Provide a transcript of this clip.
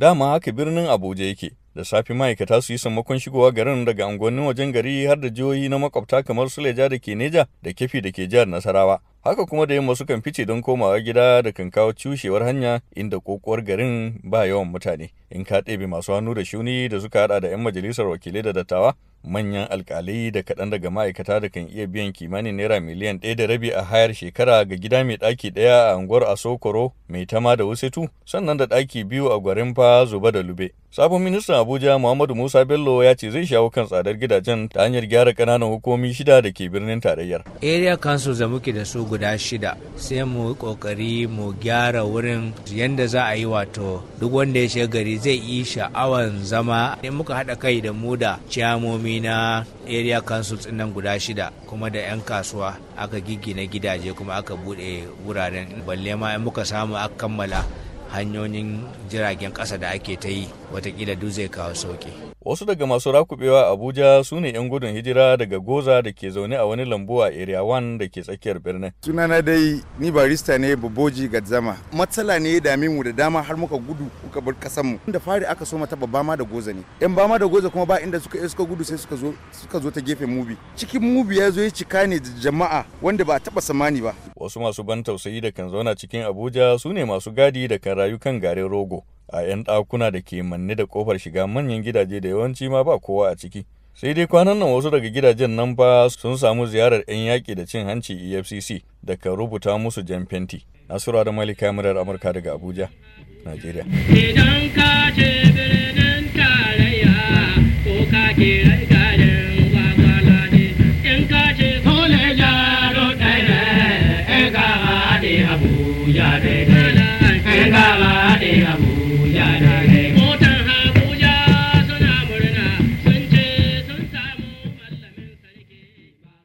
Dama haka birnin Abuja yake, da safe ma'aikata su yi sammakon shigowa garin daga unguwannin wajen gari har da jihohi na makwabta kamar Suleja da ke Neja da Kefi da ke jihar Nasarawa. haka kuma da yamma sukan fice don komawa gida da kan kawo cushewar hanya inda kokowar garin ba yawan mutane in ka ɗebe masu hannu da shuni da suka haɗa da 'yan majalisar wakilai da dattawa manyan alkalai da kaɗan daga ma'aikata da kan iya biyan kimanin naira miliyan ɗaya da rabi a hayar shekara ga gida mai ɗaki ɗaya a unguwar asokoro mai tama da wusetu sannan da ɗaki biyu a gwarin fa zuba da lube sabon ministan abuja muhammadu musa bello ya ce zai shawo kan tsadar gidajen ta hanyar gyara ƙananan hukumomi shida da ke birnin tarayyar area council da muke da su guda shida sai mu kokari mu gyara wurin yadda za a yi wato duk wanda ya shiga gari zai yi sha'awan zama ne muka haɗa kai da mu da ciyamomi na area council nan guda shida kuma da 'yan kasuwa aka gigina gidaje kuma aka buɗe wuraren balle ma in muka samu aka kammala hanyoyin jiragen ƙasa da ake ta yi watakila duk zai kawo sauki Wasu daga masu rakubewa Abuja su ne 'yan gudun hijira daga Goza da ke zaune a wani lambu a Area 1 da ke tsakiyar birnin. Sunana dai ni barista ne Boboji Gadzama. Matsala ne ya dame mu da dama har muka gudu kuka bar kasan mu. inda fari aka so mata babba ma da Goza ne. 'Yan bama da Goza kuma ba inda suka suka gudu sai suka zo suka zo ta gefen Mubi. Cikin Mubi ya zo ya cika ne da jama'a wanda ba a taba samani ba. Wasu masu ban tausayi da kan zauna cikin Abuja su ne masu gadi da kan rayu kan garin rogo. a 'yan ɗakuna da ke manne da kofar shiga manyan gidaje da yawanci ma ba kowa a ciki sai dai kwanan nan wasu daga gidajen nan ba sun samu ziyarar 'yan yaƙi da cin hanci efcc da ka rubuta musu jan fenti nasura da malika murar amurka daga abuja najeriya idan ka ce Yeah,